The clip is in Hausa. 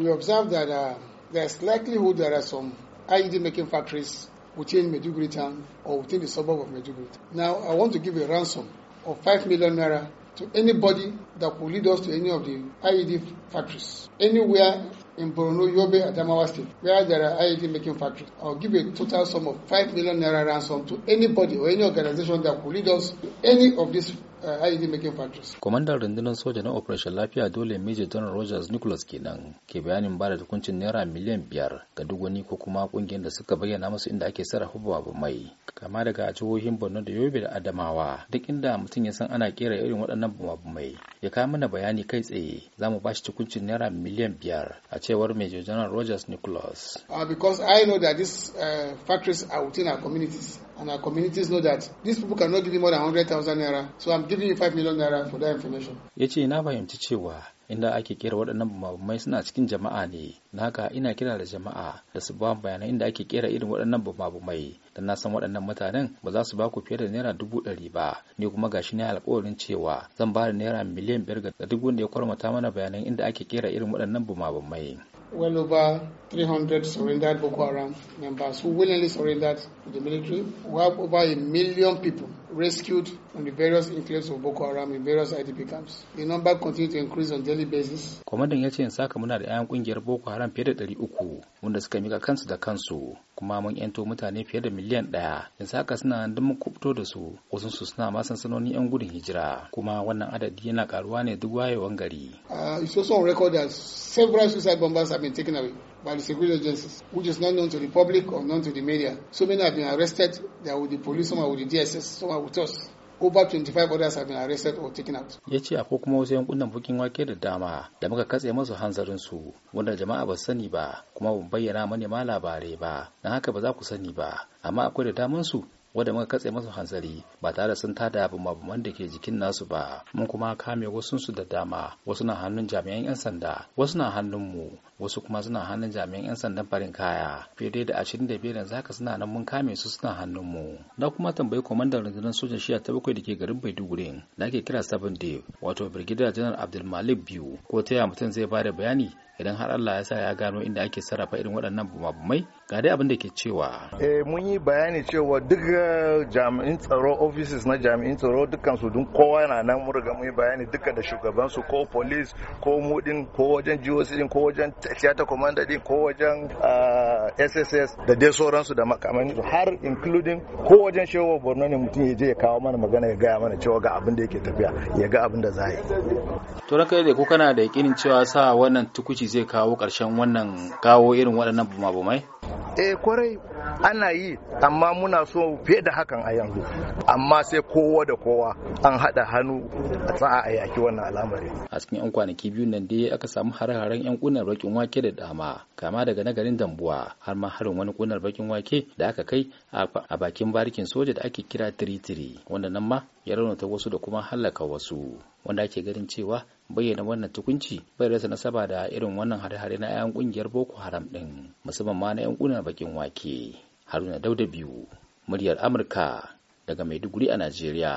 we observe that uh, there's likelihood there are some IED making factories within Medjugorje town or within the suburb of Medjugorje. Now, I want to give a ransom of 5 million naira to anybody that could lead us to any of the IED factories anywhere in Borno, Yobe, Adamawa State, where there are IED making factories. I'll give a total sum of 5 million naira ransom to anybody or any organization that could lead us to any of these ainihin uh, making factories. Kwamandan rundunar soja na Operation Lafiya dole Major General Rogers Nicholas kenan ke bayanin bada hukuncin naira miliyan biyar ga duk wani ko kuma kungiyar da suka bayyana musu inda ake sarrafa babu mai. Kama daga jihohin Borno da Yobe da Adamawa duk inda mutum ya san ana kera irin waɗannan babu mai ya kawo mana bayani kai tsaye za mu ba shi hukuncin naira miliyan biyar a cewar Major General Rogers Nicholas. Uh, because I know that these uh, factories are within our communities. and our communities know that these people cannot give me more than 100,000 naira. So I'm giving you 5 million naira for that information. Ya ce na fahimci cewa inda ake kera waɗannan bambamai suna cikin jama'a ne na haka ina kira da jama'a da su ba bayanan inda ake kera irin waɗannan bambamai Dan na san waɗannan mutanen ba za su ba ku fiye da naira dubu ɗari ba ni kuma gashi ne alƙawarin cewa zan ba da naira miliyan biyar ga duk wanda ya kwarmata mana bayanan inda ake kera irin waɗannan bambamai. well over 300 surrendered Boko Haram members who willingly surrendered to the military. We have over a million people rescued from the various enclaves of Boko Haram in various IDP camps. The number continues to increase on daily basis. Kwamandan ya ce yanzu haka muna da 'yan kungiyar Boko Haram fiye da 300 wanda suka mika kansu da kansu kuma mun yanto mutane fiye da miliyan ɗaya yanzu haka suna da mun kubuto da su wasu su suna ma sansanonin yan gudun hijira kuma wannan adadi yana karuwa ne duk wayewan gari. Uh, it's also on record that several suicide bombers have been taken away. by the security agencies, which is not known to the public or known to the media. So many have been arrested. There will be police, some are with the DSS, some are with us. over 25 others have been arrested or taken out. Ya ce akwai kuma wasu yankunan bukin wake da dama da muka katse masu hanzarin su wanda jama'a ba sani ba kuma ban bayyana manema labarai ba dan haka ba za ku sani ba amma akwai da damansu. wanda muka katse masu hanzari ba tare sun tada bumabuman da ke jikin nasu ba mun kuma kame wasu su da dama wasu na hannun jami'an 'yan sanda wasu na hannun mu wasu kuma suna hannun jami'an 'yan sandan farin kaya fiye da ashirin da biyar yanzu haka suna nan mun kame su suna hannun mu na kuma tambayi kwamandan rundunar sojan shiya ta bakwai da ke garin maiduguri da ake kira seven day wato brigadier general abdulmalik biyu ko ta yaya mutum zai bada bayani idan har allah ya sa ya gano inda ake sarrafa irin waɗannan bumabumai ga dai abin da ke cewa eh mun yi bayani cewa duk eh, jami'in tsaro offices na jami'in tsaro dukkan su dun kowa na nan mun riga mun yi bayani dukkan da shugaban su ko police ko mudin ko wajen GOC din ko wajen theater commander din ko wajen SSS eh, da dai sauransu da makamani har including ko wajen shewa Borno ne mutum ya je ya kawo mana magana ya gaya mana cewa ga abin da yake tafiya ya ga abin da za yi to raka dai ko kana da yakinin cewa sa wannan tukuci zai kawo karshen wannan kawo irin waɗannan bumabumai eh kwarai ana yi amma muna so fiye da hakan a yanzu amma sai kowa da kowa an haɗa hannu a tsaya a yaki wannan al'amari a cikin yan kwanaki biyu nan dai aka samu hare-haren yan kunar bakin wake da dama kama daga nagarin dambuwa har ma harin wani kunar bakin wake da aka kai a bakin barikin soja da ake kira tiritiri wanda nan ma ya raunata wasu da kuma hallaka wasu wanda ake ganin cewa bayyana wannan tukunci bai rasa nasaba da irin wannan hare-hare na 'yan kungiyar boko haram din musamman ma na 'yan kunar bakin wake haruna dauda biyu muryar amurka daga maiduguri a najeriya